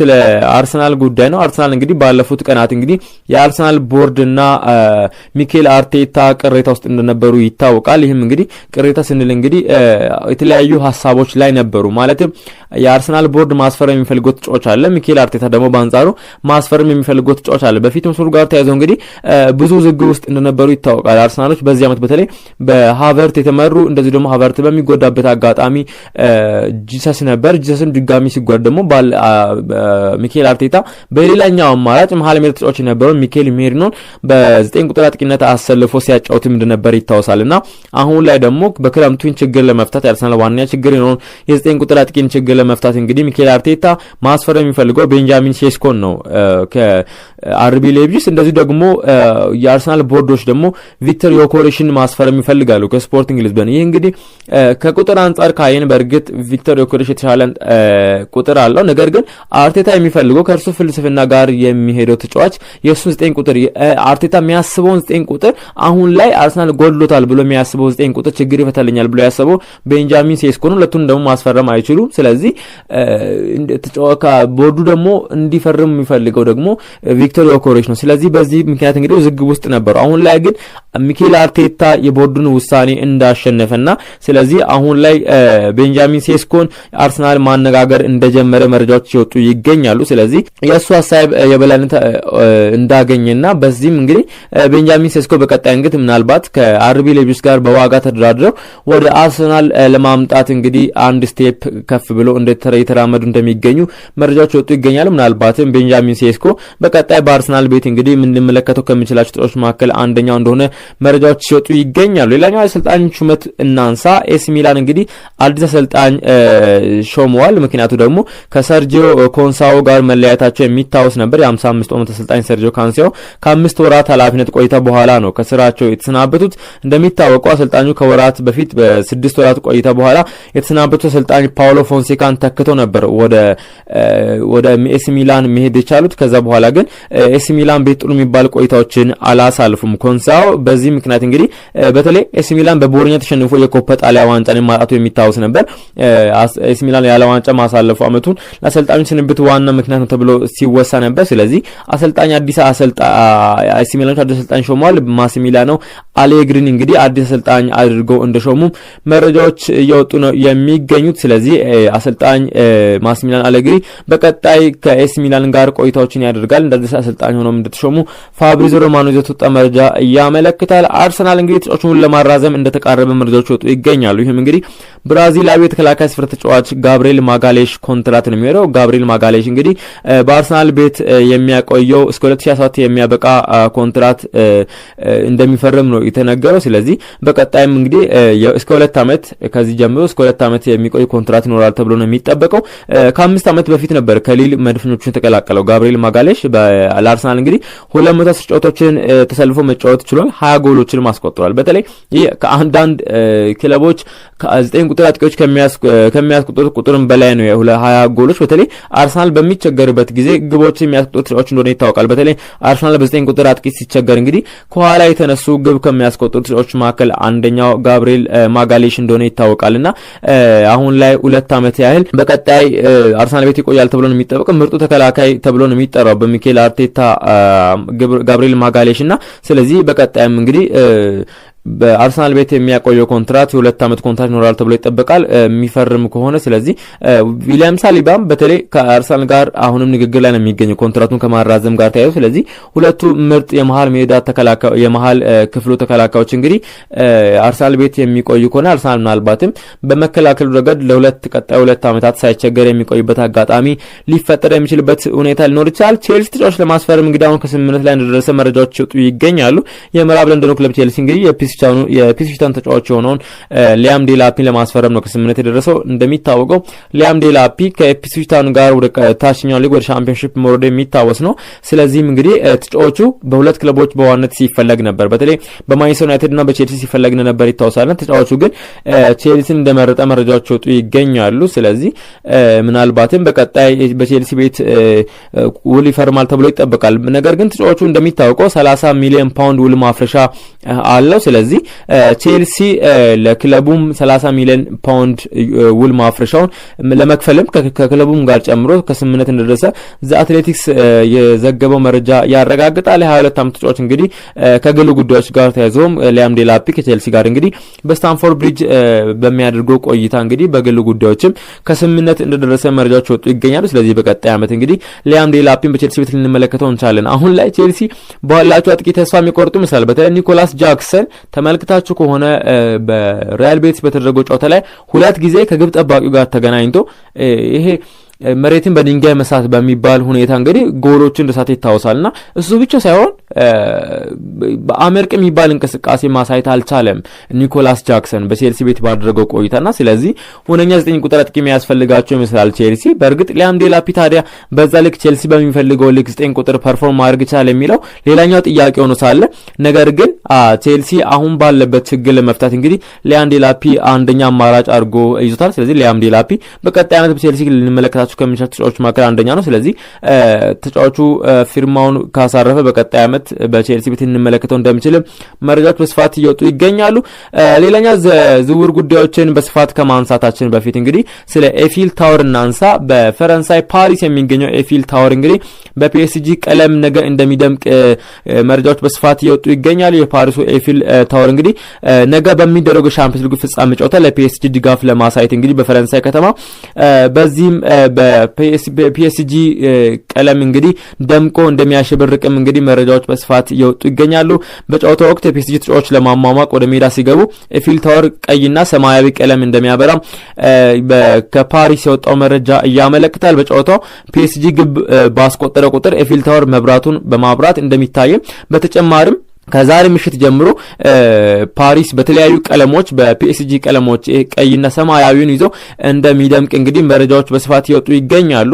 ስለ አርሰናል ጉዳይ ነው። አርሰናል እንግዲህ ባለፉት ቀናት እንግዲህ የአርሰናል ቦርድና ሚኬል አርቴታ ቅሬታ ውስጥ እንደነበሩ ይታወቃል። ይህም እንግዲህ ቅሬታ ስንል እንግዲህ የተለያዩ ሀሳቦች ላይ ነበሩ። ማለትም የአርሰናል ቦርድ ማስፈረም የሚፈልገው ተጫዋች አለ። ሚኬል አርቴታ ደግሞ በአንጻሩ ማስፈረም የሚፈልገው ተጫዋች አለ። በፊት ምስሉ ጋር ተያይዞ እንግዲህ ብዙ ዝግብ ውስጥ እንደነበሩ ይታወቃል። አርሰናሎች በዚህ ዓመት በተለይ በሃቨርት የተመሩ እንደዚህ ደግሞ ሃቨርት በሚጎዳበት አጋጣሚ ጂሰስ ነበር። ጂሰስም ድጋሚ ሲጓድ ደግሞ ሚኬል አርቴታ በሌላኛው አማራጭ መሀል ሜዳ ተጫዋች የነበረውን ሚኬል ሜሪኖን በዘጠኝ ቁጥር አጥቂነት አሰልፎ ሲያጫውትም እንደነበር ይታወሳል እና አሁን ላይ ደግሞ በክረምቱን ችግር ለመፍታት የአርሰናል ዋነኛ ችግር የሆነውን የዘጠኝ ቁጥር አጥቂን ችግር ለመፍታት እንግዲህ ሚኬል አርቴታ ማስፈር የሚፈልገው ቤንጃሚን ሴስኮን ነው ከአርቢ ሌብጅስ። እንደዚሁ ደግሞ የአርሰናል ቦርዶች ደግሞ ቪክተር ዮኮሬሽን ማስፈር የሚፈልጋሉ ከስፖርቲንግ ሊዝበን። ይህ እንግዲህ ከቁጥር አንጻር ካየን በእርግጥ ቪክተር ዮኮሬሽ የተሻለ ቁጥር አለው። ነገር ግን አርቴታ የሚፈልገው ከእርሱ ፍልስፍና ጋር የሚሄደው ተጫዋች የእሱን ዘጠኝ ቁጥር አርቴታ የሚያስበውን ዘጠኝ ቁጥር አሁን ላይ አርሰናል ጎድሎታል ብሎ የሚያስበው ዘጠኝ ቁጥር ችግር ይፈታልኛል ብሎ ያሰበው ቤንጃሚን ሴስኮን ሁለቱን ደግሞ ማስፈረም አይችሉም። ስለዚህ ቦርዱ ደግሞ እንዲፈርም የሚፈልገው ደግሞ ቪክቶር ዮኬሬሽ ነው። ስለዚህ በዚህ ምክንያት እንግዲህ ውዝግብ ውስጥ ነበሩ። አሁን ላይ ግን ሚኬል አርቴታ የቦርዱን ውሳኔ እንዳሸነፈና ስለዚህ አሁን ላይ ቤንጃሚን ሴስኮን አርሰናል ማነጋገር እንደጀመረ መረጃዎች ሲወጡ ይገኛሉ። ስለዚህ የእሱ ሀሳብ የበላይነት እንዳገኘና በዚህም እንግዲህ ቤንጃሚን ሴስኮ በቀጣይ እንግዲህ ምናልባት ከአርቢ ሌቪስ ጋር በዋጋ ተደራድረው ወደ አርሰናል ለማምጣት እንግዲህ አንድ ስቴፕ ከፍ ብሎ እየተራመዱ እንደሚገኙ መረጃዎች ወጡ ይገኛል። ምናልባትም ቤንጃሚን ሴስኮ በቀጣይ በአርሰናል ቤት እንግዲህ የምንመለከተው ከምንችላቸው ጥሮች መካከል አንደኛው እንደሆነ መረጃዎች ሲወጡ ይገኛሉ። ሌላኛው አሰልጣኝ ሹመት እናንሳ። ኤስ ሚላን እንግዲህ አዲስ አሰልጣኝ ሾመዋል። ምክንያቱ ደግሞ ከሰርጂዮ ኮንሳኦ ጋር መለያየታቸው የሚታወስ ነበር። የ55 ዓመት አሰልጣኝ ሰርጂዮ ካንሲያው ከአምስት ወራት ኃላፊነት ቆይታ በኋላ ነው ከስራቸው የተሰናበቱት። እንደሚታወቀው አሰልጣኙ ከወራት በፊት በስድስት ወራት ቆይታ በኋላ የተሰናበቱ አሰልጣኝ ፓውሎ ፎንሴካ ቦታን ተክቶ ነበር ወደ ወደ ኤሲ ሚላን መሄድ የቻሉት። ከዛ በኋላ ግን ኤሲ ሚላን ቤት ጥሩ የሚባል ቆይታዎችን አላሳልፉም። ኮንሳው በዚህ ምክንያት እንግዲህ በተለይ ኤሲ ሚላን በቦሎኛ ተሸንፎ የኮፓ ጣሊያ ዋንጫን ማጣቱ የሚታወስ ነበር። ኤሲ ሚላን ያለ ዋንጫ ማሳለፉ አመቱን ለአሰልጣኙ ስንብት ዋና ምክንያት ነው ተብሎ ሲወሳ ነበር። ስለዚህ አሰልጣኝ አዲስ አሰልጣ ኤሲ ሚላኖች አዲስ አሰልጣኝ ሾመዋል። ነው። አሌግሪን እንግዲህ አዲስ አሰልጣኝ አድርገው እንደሾሙ መረጃዎች እየወጡ ነው የሚገኙት። ስለዚህ አሰልጣኝ ማስሚላን አሌግሪ በቀጣይ ከኤስ ሚላን ጋር ቆይታዎችን ያደርጋል። እንደዚህ አሰልጣኝ ሆኖም እንደተሾሙ ፋብሪዞ ሮማኖ የወጣ መረጃ ያመለክታል። አርሰናል እንግዲህ ተጫዋቹን ለማራዘም እንደተቃረበ መረጃዎች ወጡ ይገኛሉ። ይህም እንግዲህ ብራዚላዊ የተከላካይ ስፍራ ተጫዋች ጋብሪኤል ማጋሌሽ ኮንትራት ነው የሚሄደው። ጋብሪኤል ማጋሌሽ እንግዲህ በአርሰናል ቤት የሚያቆየው እስከ 2027 የሚያበቃ ኮንትራት እንደሚፈርም ነው የተነገረው። ስለዚህ በቀጣይም እንግዲህ እስከ ሁለት ዓመት ከዚህ ጀምሮ እስከ ሁለት ዓመት የሚቆይ ኮንትራት ይኖራል ተብሎ ነው የሚጠበቀው። ከአምስት ዓመት በፊት ነበር ከሊል መድፈኞቹን ተቀላቀለው ጋብሪኤል ማጋሌሽ ለአርሰናል እንግዲህ ሁለት መቶ አስር ጨዋታዎችን ተሰልፎ መጫወት ችሏል። ሀያ ጎሎችንም አስቆጥሯል። በተለይ ይህ ከአንዳንድ ክለቦች ከዘጠኝ ቁጥር አጥቂዎች ከሚያስቆጥሩት ቁጥርም በላይ ነው። ሀያ ጎሎች በተለይ አርሰናል በሚቸገርበት ጊዜ ግቦች የሚያስቆጥሩ ተጫዋች እንደሆነ ይታወቃል። በተለይ አርሰናል በዘጠኝ ቁጥር አጥቂ ሲቸገር እንግዲህ ከኋላ የተነሱ ግብ ከሚያስቆጥሩት ተጫዋቾች መካከል አንደኛው ጋብሪኤል ማጋሌሽ እንደሆነ እና አሁን ላይ ሁለት ዓመት ያህል በቀጣይ አርሰናል ቤት ይቆያል ተብሎ ነው የሚጠበቀው። ምርጡ ተከላካይ ተብሎ ነው የሚጠራው በሚኬል አርቴታ ጋብሪኤል ማጋሌሽ እና ስለዚህ በቀጣይም እንግዲህ በአርሰናል ቤት የሚያቆየው ኮንትራት የሁለት ዓመት ኮንትራት ይኖራል ተብሎ ይጠበቃል የሚፈርም ከሆነ። ስለዚህ ዊሊያም ሳሊባም በተለይ ከአርሰናል ጋር አሁንም ንግግር ላይ ነው የሚገኘው ኮንትራቱን ከማራዘም ጋር ተያይዞ። ስለዚህ ሁለቱ ምርጥ የመሀል ሜዳ የመሀል ክፍሉ ተከላካዮች እንግዲህ አርሰናል ቤት የሚቆዩ ከሆነ አርሰናል ምናልባትም በመከላከሉ ረገድ ለሁለት ቀጣይ ሁለት ዓመታት ሳይቸገር የሚቆይበት አጋጣሚ ሊፈጠር የሚችልበት ሁኔታ ሊኖር ይችላል። ቼልሲ ተጫዋች ለማስፈረም እንግዲህ አሁን ከስምምነት ላይ እንደደረሰ መረጃዎች ይወጡ ይገኛሉ። የምዕራብ ለንደኑ ክለብ ቼልሲ እንግዲህ የፒስፊታን ተጫዋች የሆነውን ሊያም ዴላፒ ለማስፈረም ነው ከስምምነት የደረሰው። እንደሚታወቀው ሊያም ዴላፒ ከፒስፊታን ጋር ወደ ታችኛው ሊግ ወደ ሻምፒዮንሺፕ መውረዱ የሚታወስ ነው። ስለዚህም እንግዲህ ተጫዋቹ በሁለት ክለቦች በዋነት ሲፈለግ ነበር። በተለይ በማንቸስተር ዩናይትድ እና በቼልሲ ሲፈለግ ነበር ይታወሳል። ተጫዋቹ ግን ቼልሲን እንደመረጠ መረጃዎች ወጡ ይገኛሉ። ስለዚህ ምናልባትም በቀጣይ በቼልሲ ቤት ውል ይፈርማል ተብሎ ይጠበቃል። ነገር ግን ተጫዋቹ እንደሚታወቀው 30 ሚሊዮን ፓውንድ ውል ማፍረሻ አለው። ስለዚህ ስለዚህ ቼልሲ ለክለቡም 30 ሚሊዮን ፓውንድ ውል ማፍረሻውን ለመክፈልም ከክለቡም ጋር ጨምሮ ከስምምነት እንደደረሰ ዘ አትሌቲክስ የዘገበው መረጃ ያረጋግጣል። የ22 ዓመት ተጫዋች እንግዲህ ከግሉ ጉዳዮች ጋር ተያይዞም ሊያም ዴላፒ ከቼልሲ ጋር እንግዲህ በስታንፎርድ ብሪጅ በሚያደርገው ቆይታ እንግዲህ በግሉ ጉዳዮችም ከስምምነት እንደደረሰ መረጃዎች ወጡ ይገኛሉ። ስለዚህ በቀጣይ ዓመት እንግዲህ ሊያም ዴላፒን በቼልሲ ቤት ልንመለከተው እንቻለን። አሁን ላይ ቼልሲ ባላቸው አጥቂ ተስፋ የሚቆርጡ ይመስላል። በተለይ ኒኮላስ ጃክሰን ተመልክታችሁ ከሆነ በሪያል ቤትስ በተደረገው ጨዋታ ላይ ሁለት ጊዜ ከግብ ጠባቂው ጋር ተገናኝቶ ይሄ መሬትን በድንጋይ መሳት በሚባል ሁኔታ እንግዲህ ጎሎቹ እንደሳት ይታወሳል እና እሱ ብቻ ሳይሆን በአመርቅ የሚባል እንቅስቃሴ ማሳየት አልቻለም ኒኮላስ ጃክሰን በቼልሲ ቤት ባደረገው ቆይታና ስለዚህ ሁነኛ ዘጠኝ ቁጥር አጥቂ የሚያስፈልጋቸው ይመስላል ቼልሲ በእርግጥ ሊያም ዴላፒ ታዲያ በዛ ልክ ቼልሲ በሚፈልገው ልክ ዘጠኝ ቁጥር ፐርፎርም ማድረግ ይቻል የሚለው ሌላኛው ጥያቄ ሆኖ ሳለ ነገር ግን ቼልሲ አሁን ባለበት ችግር ለመፍታት እንግዲህ ሊያም ዴላፒ አንደኛ አማራጭ አድርጎ ይዞታል ስለዚህ ሊያም ዴላፒ በቀጣይ አመት በቼልሲ ልንመለከታቸው ሊያመጣቸው ከሚችል ተጫዋቾች መካከል አንደኛ ነው። ስለዚህ ተጫዋቹ ፊርማውን ካሳረፈ በቀጣይ ዓመት በቼልሲ ቤት እንመለከተው እንደሚችል መረጃዎች በስፋት እየወጡ ይገኛሉ። ሌላኛ ዝውውር ጉዳዮችን በስፋት ከማንሳታችን በፊት እንግዲህ ስለ ኤፊል ታወር እናንሳ። በፈረንሳይ ፓሪስ የሚገኘው ኤፊል ታወር እንግዲህ በፒኤስጂ ቀለም ነገ እንደሚደምቅ መረጃዎች በስፋት እየወጡ ይገኛሉ። የፓሪሱ ኤፊል ታወር እንግዲህ ነገ በሚደረገው ሻምፒዮንስ ሊግ ፍጻሜ ጨዋታ ለፒኤስጂ ድጋፍ ለማሳየት እንግዲህ በፈረንሳይ ከተማ በዚህም በፒኤስጂ ቀለም እንግዲህ ደምቆ እንደሚያሸብርቅም እንግዲህ መረጃዎች በስፋት እየወጡ ይገኛሉ። በጨዋታ ወቅት የፒኤስጂ ተጫዋቾች ለማሟሟቅ ወደ ሜዳ ሲገቡ ኤፊል ታወር ቀይና ሰማያዊ ቀለም እንደሚያበራ ከፓሪስ የወጣው መረጃ እያመለክታል። በጨዋታው ፒኤስጂ ግብ ባስቆጠረ ቁጥር ኤፊል ታወር መብራቱን በማብራት እንደሚታይም በተጨማሪም ከዛሬ ምሽት ጀምሮ ፓሪስ በተለያዩ ቀለሞች በፒኤስጂ ቀለሞች ቀይና ሰማያዊውን ይዞ እንደሚደምቅ እንግዲህ መረጃዎች በስፋት ይወጡ ይገኛሉ።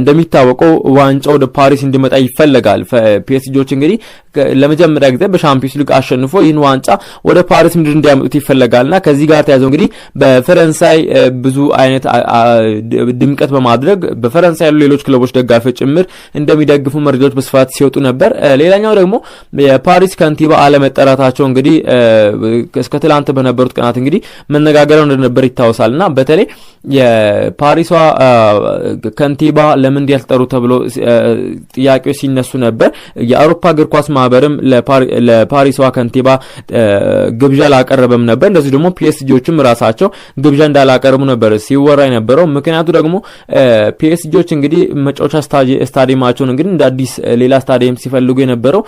እንደሚታወቀው ዋንጫው ወደ ፓሪስ እንዲመጣ ይፈለጋል። ፒኤስጂዎች እንግዲህ ለመጀመሪያ ጊዜ በሻምፒዮንስ ሊግ አሸንፎ ይህን ዋንጫ ወደ ፓሪስ ምድር እንዲያመጡት ይፈለጋልና ከዚህ ጋር ተያዘው እንግዲህ በፈረንሳይ ብዙ አይነት ድምቀት በማድረግ በፈረንሳይ ያሉ ሌሎች ክለቦች ደጋፊ ጭምር እንደሚደግፉ መረጃዎች በስፋት ሲወጡ ነበር። ሌላኛው ደግሞ የፓሪስ ከንቲባ አለመጠራታቸው እንግዲህ እስከ ትላንት በነበሩት ቀናት እንግዲህ መነጋገሪያው እንደነበር ይታወሳል እና በተለይ የፓሪሷ ከንቲባ ለምን እንዲያልጠሩ ተብሎ ጥያቄዎች ሲነሱ ነበር። የአውሮፓ እግር ኳስ ማህበርም ለፓሪሷ ከንቲባ ግብዣ አላቀረበም ነበር። እንደዚሁ ደግሞ ፒኤስጂዎችም ራሳቸው ግብዣ እንዳላቀረቡ ነበር ሲወራ የነበረው። ምክንያቱ ደግሞ ፒኤስጂዎች እንግዲህ መጫወቻ ስታዲየማቸውን እንግዲህ እንደ አዲስ ሌላ ስታዲየም ሲፈልጉ የነበረው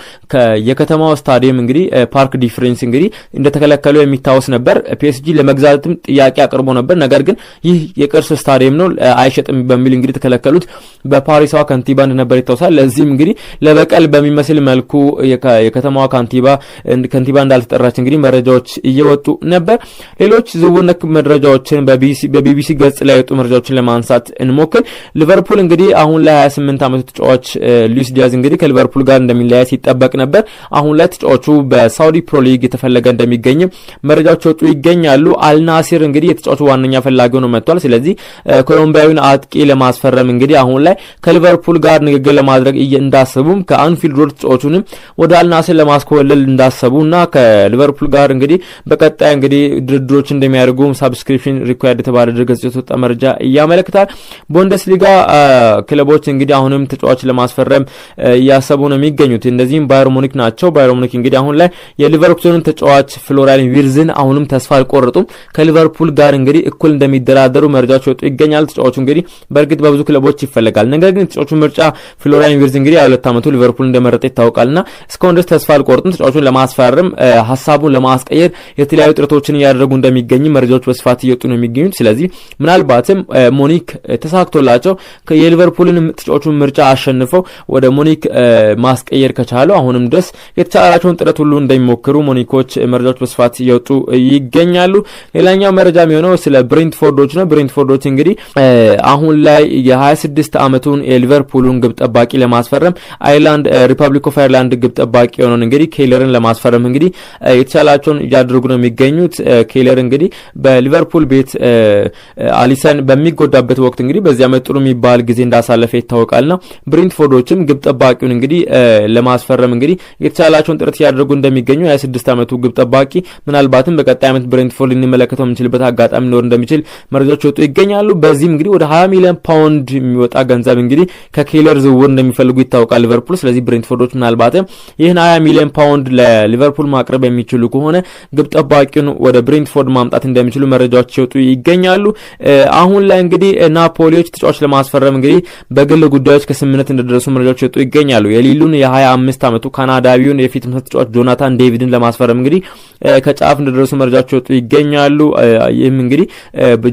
የከተማው ስታዲየም እንግዲህ ፓርክ ዲፍሬንስ እንግዲህ እንደተከለከሉ የሚታወስ ነበር። ፒኤስጂ ለመግዛትም ጥያቄ አቅርቦ ነበር። ነገር ግን ይህ የቅርስ ስታዲየም ነው አይሸጥም በሚል እንግዲህ የተከለከሉት በፓሪሳዋ ከንቲባ እንደነበር ይታወሳል። ለዚህም እንግዲህ ለበቀል በሚመስል መልኩ የከተማዋ ከንቲባ ከንቲባ እንዳልተጠራች እንግዲህ መረጃዎች እየወጡ ነበር። ሌሎች ዝውውር ነክ መረጃዎችን በቢቢሲ ገጽ ላይ የወጡ መረጃዎችን ለማንሳት እንሞክር። ሊቨርፑል እንግዲህ አሁን ላይ 28 ዓመቱ ተጫዋች ሉዊስ ዲያዝ እንግዲህ ከሊቨርፑል ጋር እንደሚለያይ ሲጠበቅ ነበር። አሁን ላይ ተጫዋቹ በሳውዲ ፕሮ ሊግ የተፈለገ እንደሚገኝ መረጃዎች ወጡ ይገኛሉ። አልናሲር እንግዲህ የተጫዋቹ ዋነኛ ፈላጊ ሆኖ መጥቷል። ስለዚህ ኮሎምቢያዊን አጥቂ ለማስፈረም እንግዲህ አሁን ላይ ከሊቨርፑል ጋር ንግግር ለማድረግ እንዳሰቡም ከአንፊልድ ሮድ ተጫዋቹንም ወደ አልናሲር ለማስኮለል እንዳሰቡ እና ከሊቨርፑል ጋር እንግዲህ በቀጣይ እንግዲህ ድርድሮች እንደሚያደርጉ ሳብስክሪፕሽን ሪኳርድ የተባለ ድረገጽ የተወጣ መረጃ እያመለክታል። ቡንደስሊጋ ክለቦች እንግዲህ አሁንም ተጫዋች ለማስፈረም እያሰቡ ነው የሚገኙት። እንደዚህም ባየር ሙኒክ ናቸው። ባየር ሙኒክ እንግዲህ አሁን ላይ የሊቨርፑልን ተጫዋች ፍሎሪያን ቪርዝን አሁንም ተስፋ አልቆረጡም። ከሊቨርፑል ጋር እንግዲህ እኩል እንደሚደራደሩ መረጃዎች ወጡ ይገኛል። ተጫዋቹ እንግዲህ በእርግጥ በብዙ ክለቦች ይፈለጋል። ነገር ግን ተጫዋቹ ምርጫ ፍሎሪያን ቪርዝ እንግዲህ ሁለት ዓመቱ ሊቨርፑል እንደመረጠ ይታወቃልና እስካሁን ድረስ ተስፋ አልቆረጡም። ተጫዋቹን ለማስፈራረም ሀሳቡን ለማስቀየር የተለያዩ ጥረቶችን እያደረጉ እንደሚገኝ መረጃዎች በስፋት እየወጡ ነው የሚገኙት። ስለዚህ ምናልባትም ሞኒክ ተሳክቶላቸው የሊቨርፑልን ተጫዋቹን ምርጫ አሸንፈው ወደ ሞኒክ ማስቀየር ከቻለው አሁንም ድረስ የተቻለ የተቻላቸውን ጥረት ሁሉ እንደሚሞክሩ ሞኒኮች መረጃዎች በስፋት እየወጡ ይገኛሉ። ሌላኛው መረጃ የሚሆነው ስለ ብሬንትፎርዶች ነው። ብሬንትፎርዶች እንግዲህ አሁን ላይ የ26 ዓመቱን የሊቨርፑሉን ግብ ጠባቂ ለማስፈረም አይርላንድ ሪፐብሊክ ኦፍ አይርላንድ ግብ ጠባቂ የሆነውን እንግዲህ ኬለርን ለማስፈረም እንግዲህ የተቻላቸውን እያደረጉ ነው የሚገኙት። ኬለር እንግዲህ በሊቨርፑል ቤት አሊሰን በሚጎዳበት ወቅት እንግዲህ በዚህ ዓመት ጥሩ የሚባል ጊዜ እንዳሳለፈ ይታወቃል። ና ብሬንትፎርዶችም ግብ ጠባቂውን እንግዲህ ለማስፈረም እንግዲህ የተቻላቸው የበኩላቸውን ጥረት ሲያደርጉ እንደሚገኙ የ26 ዓመቱ ግብ ጠባቂ ምናልባትም በቀጣይ ዓመት ብሬንትፎርድ ልንመለከተው የምንችልበት አጋጣሚ ሊኖር እንደሚችል መረጃዎች ወጡ ይገኛሉ። በዚህም እንግዲህ ወደ 20 ሚሊዮን ፓውንድ የሚወጣ ገንዘብ እንግዲህ ከኬለር ዝውውር እንደሚፈልጉ ይታወቃል ሊቨርፑል። ስለዚህ ብሬንትፎርዶች ምናልባትም ይህን 20 ሚሊዮን ፓውንድ ለሊቨርፑል ማቅረብ የሚችሉ ከሆነ ግብ ጠባቂውን ወደ ብሬንትፎርድ ማምጣት እንደሚችሉ መረጃዎች ሲወጡ ይገኛሉ። አሁን ላይ እንግዲህ ናፖሊዎች ተጫዋች ለማስፈረም እንግዲህ በግል ጉዳዮች ከስምምነት እንደደረሱ መረጃዎች ሲወጡ ይገኛሉ። የሊሉን የ25 ዓመቱ ካናዳዊውን የፊት የፊት ተጫዋች ጆናታን ዴቪድን ለማስፈረም እንግዲህ ከጫፍ እንደደረሱ መረጃዎች ወጡ ይገኛሉ። ይህም እንግዲህ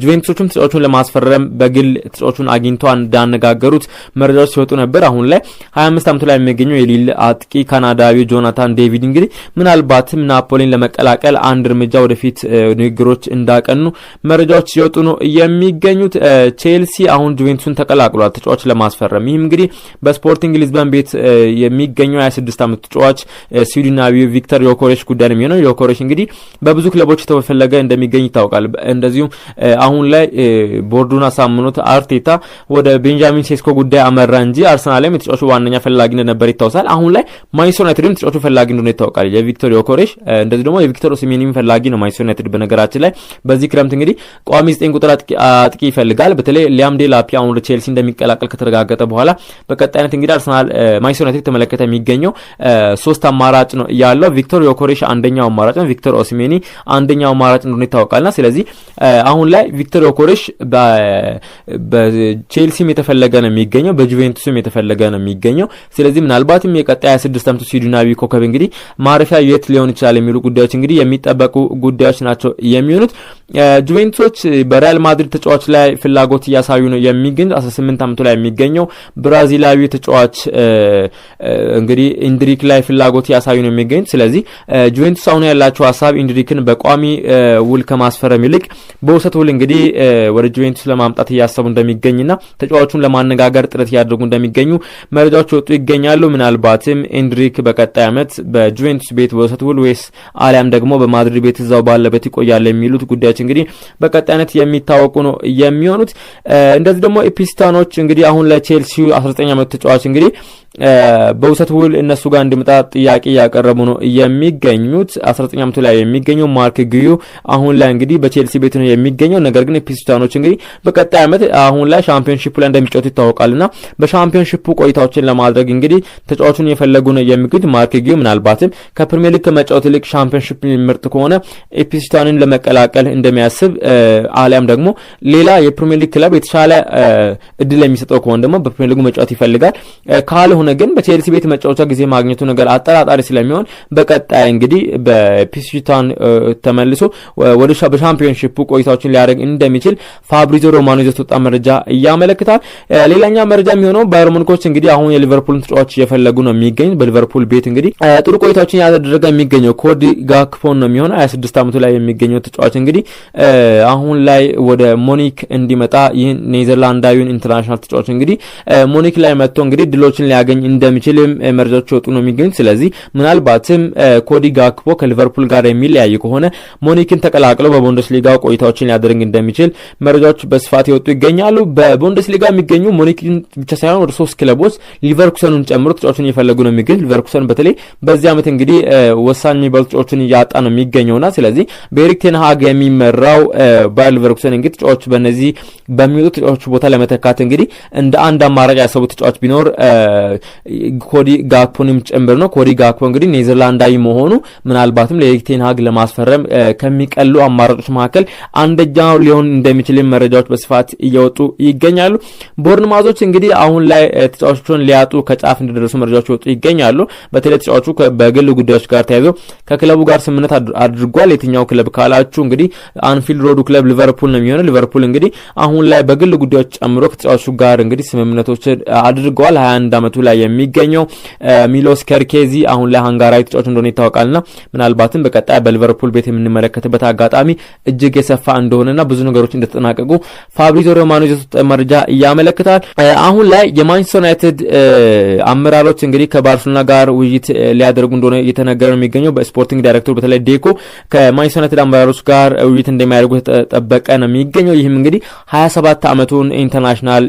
ጁቬንቱሶቹም ተጫዋቹን ለማስፈረም በግል ተጫዋቹን አግኝቶ እንዳነጋገሩት መረጃዎች ሲወጡ ነበር። አሁን ላይ 25 ዓመቱ ላይ የሚገኘው የሊል አጥቂ ካናዳዊ ጆናታን ዴቪድ እንግዲህ ምናልባትም ናፖሊን ለመቀላቀል አንድ እርምጃ ወደፊት ንግግሮች እንዳቀኑ መረጃዎች ሲወጡ ነው የሚገኙት። ቼልሲ አሁን ጁቬንቱስን ተቀላቅሏል ተጫዋች ለማስፈረም ይህም እንግዲህ በስፖርቲንግ ሊዝበን ቤት የሚገኘው 26 ዓመት ተጫዋች ስዊድናዊው ቪክተር ዮኮሬሽ ጉዳይ ነው የሚሆነው። ዮኮሬሽ እንግዲህ በብዙ ክለቦች ተፈለገ እንደሚገኝ ይታወቃል። እንደዚሁም አሁን ላይ ቦርዱን አሳምኖት አርቴታ ወደ ቤንጃሚን ሴስኮ ጉዳይ አመራ እንጂ አርሰናል አርሰናልም የተጫዋቹ ዋነኛ ፈላጊ እንደነበር ይታወሳል። አሁን ላይ ማንቸስተር ዩናይትድም የተጫዋቹ ፈላጊ እንደሆነ ይታወቃል። የቪክተር ዮኮሬሽ እንደዚህ ደግሞ የቪክተር ኦሲሜኒም ፈላጊ ነው ማንቸስተር ዩናይትድ። በነገራችን ላይ በዚህ ክረምት እንግዲህ ቋሚ ዘጠኝ ቁጥር አጥቂ ይፈልጋል። በተለይ ሊያም ዴላፒ አሁን ወደ ቼልሲ እንደሚቀላቀል ከተረጋገጠ በኋላ በቀጣይነት እንግዲህ አርሰናል ማንቸስተር ዩናይትድ ተመለከተ የሚገኘው ሶስት አማ አማራጭ ነው ያለው። ቪክቶር ዮኮሬሽ አንደኛው አማራጭ ነው። ቪክቶር ኦስሜኒ አንደኛው አማራጭ እንደሆነ ይታወቃልና ስለዚህ አሁን ላይ ቪክቶር ዮኮሬሽ በቼልሲም የተፈለገ ነው የሚገኘው፣ በጁቬንቱስም የተፈለገ ነው የሚገኘው። ስለዚህ ምናልባትም የቀጣይ 26 ዓመቱ ስዊድናዊ ኮከብ እንግዲህ ማረፊያ የት ሊሆን ይችላል የሚሉ ጉዳዮች እንግዲህ የሚጠበቁ ጉዳዮች ናቸው የሚሆኑት። ጁቬንቱሶች በሪያል ማድሪድ ተጫዋች ላይ ፍላጎት እያሳዩ ነው የሚገኝ 18 ዓመቱ ላይ የሚገኘው ብራዚላዊ ተጫዋች እንግዲህ ኢንድሪክ ላይ ፍላጎት እያሳዩ ነው የሚገኙት። ስለዚህ ጁቬንቱስ አሁን ያላቸው ሀሳብ ኢንድሪክን በቋሚ ውል ከማስፈረም ይልቅ በውሰት ውል እንግዲህ ወደ ጁቬንቱስ ለማምጣት እያሰቡ እንደሚገኝና ተጫዋቹን ለማነጋገር ጥረት እያደረጉ እንደሚገኙ መረጃዎች ወጡ ይገኛሉ። ምናልባትም ኢንድሪክ በቀጣይ ዓመት በጁቬንቱስ ቤት በውሰት ውል ወይስ አሊያም ደግሞ በማድሪድ ቤት እዛው ባለበት ይቆያል የሚሉት ጉዳዮች እንግዲህ በቀጣይነት የሚታወቁ ነው የሚሆኑት። እንደዚህ ደግሞ ኢፒስታኖች እንግዲህ አሁን ለቼልሲው 19 ዓመቱ ተጫዋች እንግዲህ በውሰት ውል እነሱ ጋር እንዲመጣ ጥያቄ እያቀረቡ ነው የሚገኙት። 19 ዓመቱ ላይ የሚገኘው ማርክ ግዩ አሁን ላይ እንግዲህ በቼልሲ ቤት ነው የሚገኘው። ነገር ግን ፒስታኖች እንግዲህ በቀጣይ ዓመት አሁን ላይ ሻምፒዮንሺፕ ላይ እንደሚጫወቱ ይታወቃልና በሻምፒዮንሺፑ ቆይታዎችን ለማድረግ እንግዲህ ተጫዋቹን የፈለጉ ነው የሚገኙት። ማርክ ግዩ ምናልባትም ከፕሪሚየር ሊግ ከመጫወት ይልቅ ሻምፒዮንሺፕ ምርጥ ከሆነ ኢፕስታንን ለመቀላቀል እንደሚያስብ አሊያም ደግሞ ሌላ የፕሪሚየር ሊግ ክለብ የተሻለ እድል የሚሰጠው ከሆነ ደግሞ በፕሪሚየር ሊጉ መጫወት ይፈልጋል። ካልሆነ ግን በቼልሲ ቤት መጫወቻ ጊዜ ማግኘቱ ነገር አጠራጣሪ ፈጣሪ ስለሚሆን በቀጣይ እንግዲህ በፒስቺታን ተመልሶ ወደ በሻምፒዮንሽፕ ቆይታዎችን ሊያደርግ እንደሚችል ፋብሪዞ ሮማኖ ይዞት ወጣ መረጃ እያመለክታል። ሌላኛ መረጃ የሚሆነው ባየር ሙኒኮች እንግዲህ አሁን የሊቨርፑልን ተጫዋች እየፈለጉ ነው የሚገኝ በሊቨርፑል ቤት እንግዲህ ጥሩ ቆይታዎችን ያደረገ የሚገኘው ኮዲ ጋክፖን ነው የሚሆነው 26 ዓመቱ ላይ የሚገኘው ተጫዋች እንግዲህ አሁን ላይ ወደ ሞኒክ እንዲመጣ ይህን ኔዘርላንዳዊን ኢንተርናሽናል ተጫዋች እንግዲህ ሞኒክ ላይ መጥቶ እንግዲህ ድሎችን ሊያገኝ እንደሚችል መረጃዎች ወጡ ነው የሚገኙት። ስለዚህ ምናልባትም ኮዲ ጋክፖ ከሊቨርፑል ጋር የሚለያይ ከሆነ ሞኒክን ተቀላቅለው በቡንደስሊጋው ቆይታዎችን ሊያደርግ እንደሚችል መረጃዎች በስፋት የወጡ ይገኛሉ። በቡንደስሊጋ የሚገኙ ሞኒክን ብቻ ሳይሆን ወደ ሶስት ክለቦች ሊቨርኩሰኑን ጨምሮ ተጫዋቾችን እየፈለጉ ነው የሚገኝ። ሊቨርኩሰን በተለይ በዚህ ዓመት እንግዲህ ወሳኝ የሚባሉ ተጫዋቾችን እያጣ ነው የሚገኘውና ስለዚህ በኤሪክ ቴንሃግ የሚመራው ባየር ሊቨርኩሰን እንግዲህ ተጫዋቾች በእነዚህ በሚወጡ ተጫዋቾች ቦታ ለመተካት እንግዲህ እንደ አንድ አማራጭ ያሰቡት ተጫዋች ቢኖር ኮዲ ጋክፖንም ጭምር ነው ኮዲ ጋ ባኮ እንግዲህ ኔዘርላንዳዊ መሆኑ ምናልባትም ለኤሪክቴን ሀግ ለማስፈረም ከሚቀሉ አማራጮች መካከል አንደኛው ሊሆን እንደሚችል መረጃዎች በስፋት እየወጡ ይገኛሉ። ቦርንማዞች እንግዲህ አሁን ላይ ተጫዋቾቹን ሊያጡ ከጫፍ እንደደረሱ መረጃዎች ይወጡ ይገኛሉ። በተለይ ተጫዋቹ በግል ጉዳዮች ጋር ተያይዞ ከክለቡ ጋር ስምምነት አድርጓል። የትኛው ክለብ ካላችሁ እንግዲህ አንፊልድ ሮዱ ክለብ ሊቨርፑል ነው የሚሆነው። ሊቨርፑል እንግዲህ አሁን ላይ በግል ጉዳዮች ጨምሮ ከተጫዋቹ ጋር እንግዲህ ስምምነቶች አድርገዋል። 21 ዓመቱ ላይ የሚገኘው ሚሎስ ከርኬዚ አሁን ላይ ሃንጋራዊ ተጫዋች እንደሆነ ይታወቃልና ምናልባትም በቀጣይ በሊቨርፑል ቤት የምንመለከትበት አጋጣሚ እጅግ የሰፋ እንደሆነና ብዙ ነገሮች እንደተጠናቀቁ ፋብሪዞ ሮማኖ መረጃ ያመለክታል። አሁን ላይ የማንቸስተር ዩናይትድ አመራሮች እንግዲህ ከባርሴሎና ጋር ውይይት ሊያደርጉ እንደሆነ እየተነገረ ነው የሚገኘው። በስፖርቲንግ ዳይሬክተር በተለይ ዴኮ ከማንቸስተር ዩናይትድ አመራሮች ጋር ውይይት እንደሚያደርጉ ተጠበቀ ነው የሚገኘው። ይህም እንግዲህ 27 ዓመቱን ኢንተርናሽናል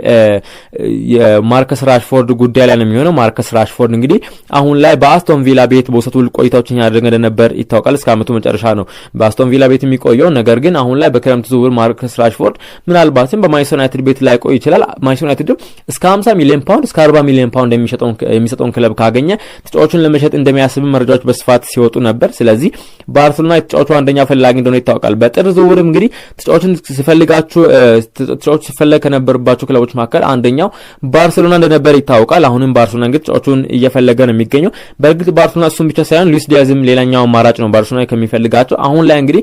የማርከስ ራሽፎርድ ጉዳይ ላይ ነው የሚሆነው። ማርከስ ራሽፎርድ እንግዲህ አሁን ላይ በአስቶ በአስቶን ቪላ ቤት በውሰቱ ቆይታዎችን ያደረገ እንደነበር ይታወቃል። እስከ አመቱ መጨረሻ ነው በአስቶን ቪላ ቤት የሚቆየው። ነገር ግን አሁን ላይ በክረምት ዝውውር ማርከስ ራሽፎርድ ምናልባትም በማንቸስተር ዩናይትድ ቤት ላይ ቆይ ይችላል። ማንቸስተር ዩናይትድ እስከ 50 ሚሊዮን ፓውንድ እስከ 40 ሚሊዮን ፓውንድ የሚሰጠውን ክለብ ካገኘ ተጫዋቹን ለመሸጥ እንደሚያስብ መረጃዎች በስፋት ሲወጡ ነበር። ስለዚህ ባርሴሎና የተጫዋቹ አንደኛ ፈላጊ እንደሆነ ይታወቃል። በጥር ዝውውርም እንግዲህ ተጫዋቹን ሲፈልጋችሁ ተጫዋቹ ሲፈለግ ከነበረባቸው ክለቦች መካከል አንደኛው ባርሴሎና እንደነበር ይታወቃል። አሁንም ባርሴሎና እንግዲህ ተጫዋቹን እየፈለገ ነው የሚገኘው በእርግጥ እንግዲህ ባርሴሎና እሱም ብቻ ሳይሆን ሉዊስ ዲያዝም ሌላኛው አማራጭ ነው ባርሴሎና ከሚፈልጋቸው። አሁን ላይ እንግዲህ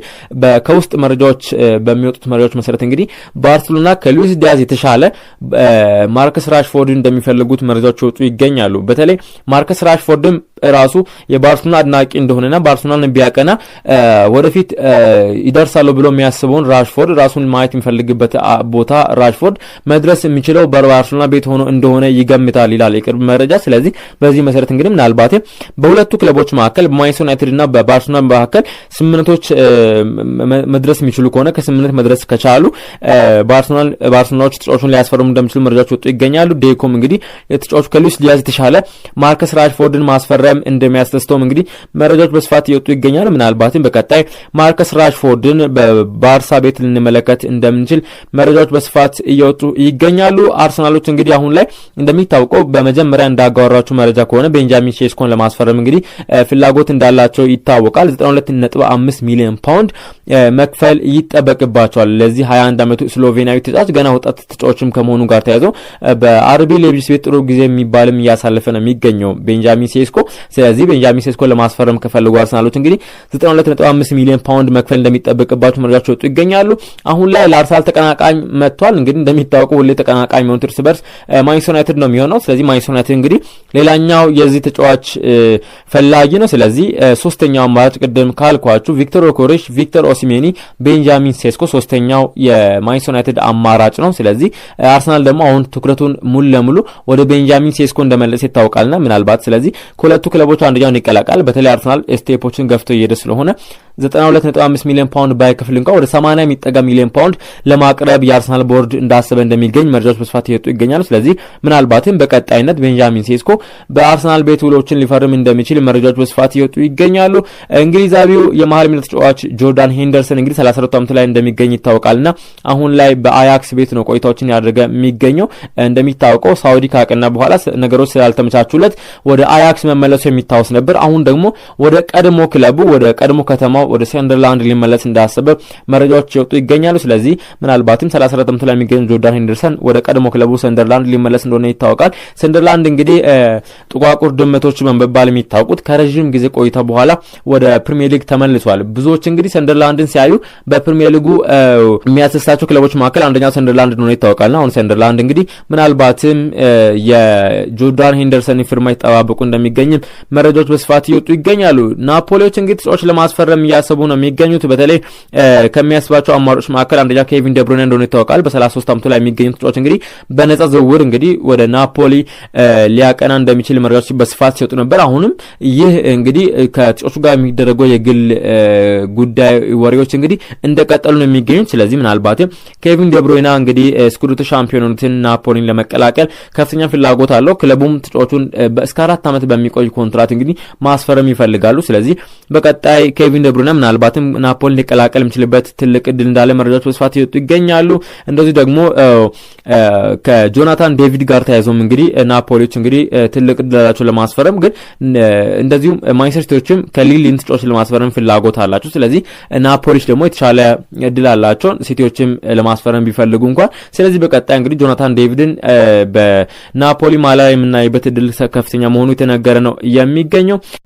ከውስጥ መረጃዎች በሚወጡት መረጃዎች መሰረት እንግዲህ ባርሴሎና ከሉዊስ ዲያዝ የተሻለ ማርከስ ራሽፎርድን እንደሚፈልጉት መረጃዎች ወጡ ይገኛሉ። በተለይ ማርከስ ራሽፎርድም ራሱ የባርሱና አድናቂ እንደሆነና ባርሱናን ቢያቀና ወደፊት ይደርሳሉ ብሎ የሚያስበውን ራሽፎርድ ራሱን ማየት የሚፈልግበት ቦታ ራሽፎርድ መድረስ የሚችለው በባርሱና ቤት ሆኖ እንደሆነ ይገምታል ይላል የቅርብ መረጃ። ስለዚህ በዚህ መሰረት እንግዲህ ምናልባት በሁለቱ ክለቦች መካከል በማንቸስተር ዩናይትድ እና በባርሱና መካከል ስምምነቶች መድረስ የሚችሉ ከሆነ ከስምምነት መድረስ ከቻሉ ባርሱናዎች ተጫዋቹን ሊያስፈርሙ እንደሚችሉ መረጃዎች ወጡ ይገኛሉ። ዴኮም እንግዲህ ተጫዋቹ ከሉዊስ ዲያዝ የተሻለ ማርከስ ራሽፎርድን ማስፈረም በጣም እንደሚያስደስተውም እንግዲህ መረጃዎች በስፋት እየወጡ ይገኛል። ምናልባትም በቀጣይ ማርከስ ራሽፎርድን በባርሳ ቤት ልንመለከት እንደምንችል መረጃዎች በስፋት እየወጡ ይገኛሉ። አርሰናሎች እንግዲህ አሁን ላይ እንደሚታወቀው በመጀመሪያ እንዳጋራችሁ መረጃ ከሆነ ቤንጃሚን ሼስኮን ለማስፈረም እንግዲህ ፍላጎት እንዳላቸው ይታወቃል። 92.5 ሚሊዮን ፓውንድ መክፈል ይጠበቅባቸዋል። ለዚህ 21 ዓመቱ ስሎቬኒያዊ ተጫዋች ገና ወጣት ተጫዋችም ከመሆኑ ጋር ተያይዞ በአርቢ ሌቪስ ቤት ጥሩ ጊዜ የሚባልም እያሳለፈ ነው የሚገኘው ቤንጃሚን ሴስኮ ስለዚህ ቤንጃሚን ሴስኮ ለማስፈረም ከፈልጉ አርሰናሎች እንግዲህ 92.5 ሚሊዮን ፓውንድ መክፈል እንደሚጠበቅባቸው መረጃዎች ወጡ ይገኛሉ። አሁን ላይ ለአርሰናል ተቀናቃኝ መጥቷል። እንግዲህ እንደሚታወቀው ሁሌ ተቀናቃኝ የሚሆኑት እርስ በርስ ማንቸስተር ዩናይትድ ነው የሚሆነው። ስለዚህ ማንቸስተር ዩናይትድ እንግዲህ ሌላኛው የዚህ ተጫዋች ፈላጊ ነው። ስለዚህ ሶስተኛው አማራጭ ቅድም ካልኳችሁ ቪክቶር ኦኮሬሽ፣ ቪክቶር ኦሲሜኒ፣ ቤንጃሚን ሴስኮ ሶስተኛው የማንቸስተር ዩናይትድ አማራጭ ነው። ስለዚህ አርሰናል ደግሞ አሁን ትኩረቱን ሙሉ ለሙሉ ወደ ቤንጃሚን ሴስኮ እንደመለሰ ይታወቃልና ምናልባት ስለዚህ ከሁለቱ ከሁለቱ ክለቦች አንደኛውን ይቀላቃል። በተለይ አርሰናል ስቴፖችን ገፍቶ እየሄደ ስለሆነ 92.5 ሚሊዮን ፓውንድ ባይከፍል እንኳ ወደ 80 የሚጠጋ ሚሊዮን ፓውንድ ለማቅረብ የአርሰናል ቦርድ እንዳሰበ እንደሚገኝ መረጃዎች በስፋት እየወጡ ይገኛሉ። ስለዚህ ምናልባትም በቀጣይነት ቤንጃሚን ሴስኮ በአርሰናል ቤት ውሎችን ሊፈርም እንደሚችል መረጃዎች በስፋት እየወጡ ይገኛሉ። እንግሊዛዊው የመሀል ሜዳ ተጫዋች ጆርዳን ሄንደርሰን እንግዲህ 32 ዓመቱ ላይ እንደሚገኝ ይታወቃልና አሁን ላይ በአያክስ ቤት ነው ቆይታዎችን ያደረገ የሚገኘው። እንደሚታወቀው ሳውዲ ካቀና በኋላ ነገሮች ስላልተመቻቹለት ወደ አያክስ መመለስ መመለሱ የሚታወስ ነበር። አሁን ደግሞ ወደ ቀድሞ ክለቡ ወደ ቀድሞ ከተማው ወደ ሰንደርላንድ ሊመለስ እንዳሰበ መረጃዎች ይወጡ ይገኛሉ። ስለዚህ ምናልባትም 34 ዓመቱ ላይ የሚገኙ ጆርዳን ሄንደርሰን ወደ ቀድሞ ክለቡ ሰንደርላንድ ሊመለስ እንደሆነ ይታወቃል። ሰንደርላንድ እንግዲህ ጥቋቁር ድመቶች በመባል የሚታወቁት ከረዥም ጊዜ ቆይታ በኋላ ወደ ፕሪሚየር ሊግ ተመልሷል። ብዙዎች እንግዲህ ሰንደርላንድን ሲያዩ በፕሪሚየር ሊጉ የሚያስደስታቸው ክለቦች መካከል አንደኛው ሰንደርላንድ እንደሆነ ይታወቃል አሁን ሰንደርላንድ እንግዲህ ምናልባትም የጆርዳን ሄንደርሰን ፊርማ ይጠባበቁ እንደሚገኝም መረጃዎች በስፋት እየወጡ ይገኛሉ። ናፖሊዎች እንግዲህ ተጫዋች ለማስፈረም እያሰቡ ነው የሚገኙት። በተለይ ከሚያስባቸው አማራጮች መካከል አንደኛ ኬቪን ደብሩይነ እንደሆነ ይታወቃል። በ33 ዓመቱ ላይ የሚገኙ ተጫዋች እንግዲህ በነጻ ዝውውር እንግዲህ ወደ ናፖሊ ሊያቀና እንደሚችል መረጃዎች በስፋት ሲወጡ ነበር። አሁንም ይህ እንግዲህ ከተጫዋቹ ጋር የሚደረገው የግል ጉዳይ ወሬዎች እንግዲህ እንደቀጠሉ ነው የሚገኙት። ስለዚህ ምናልባትም ኬቪን ደብሩይነ እንግዲህ ስኩዴቶ ሻምፒዮንነትን ናፖሊን ለመቀላቀል ከፍተኛ ፍላጎት አለው። ክለቡም ተጫዋቹን እስከ አራት ዓመት በሚቆይ ኮንትራት እንግዲህ ማስፈረም ይፈልጋሉ። ስለዚህ በቀጣይ ኬቪን ደብሩነ ምናልባትም ናፖሊን ሊቀላቀል የሚችልበት ትልቅ እድል እንዳለ መረጃዎች በስፋት ይወጡ ይገኛሉ። እንደዚህ ደግሞ ከጆናታን ዴቪድ ጋር ተያይዞም እንግዲህ ናፖሊዎች እንግዲህ ትልቅ እድል አላቸው ለማስፈረም ግን እንደዚሁም ማንቸስተር ሲቲዎችም ከሊልን ተጫዋች ለማስፈረም ፍላጎት አላቸው። ስለዚህ ናፖሊዎች ደግሞ የተሻለ እድል አላቸው ሲቲዎችም ለማስፈረም ቢፈልጉ እንኳን። ስለዚህ በቀጣይ እንግዲህ ጆናታን ዴቪድን በናፖሊ ማላ የምናይበት እድል ከፍተኛ መሆኑ የተነገረ ነው y a mí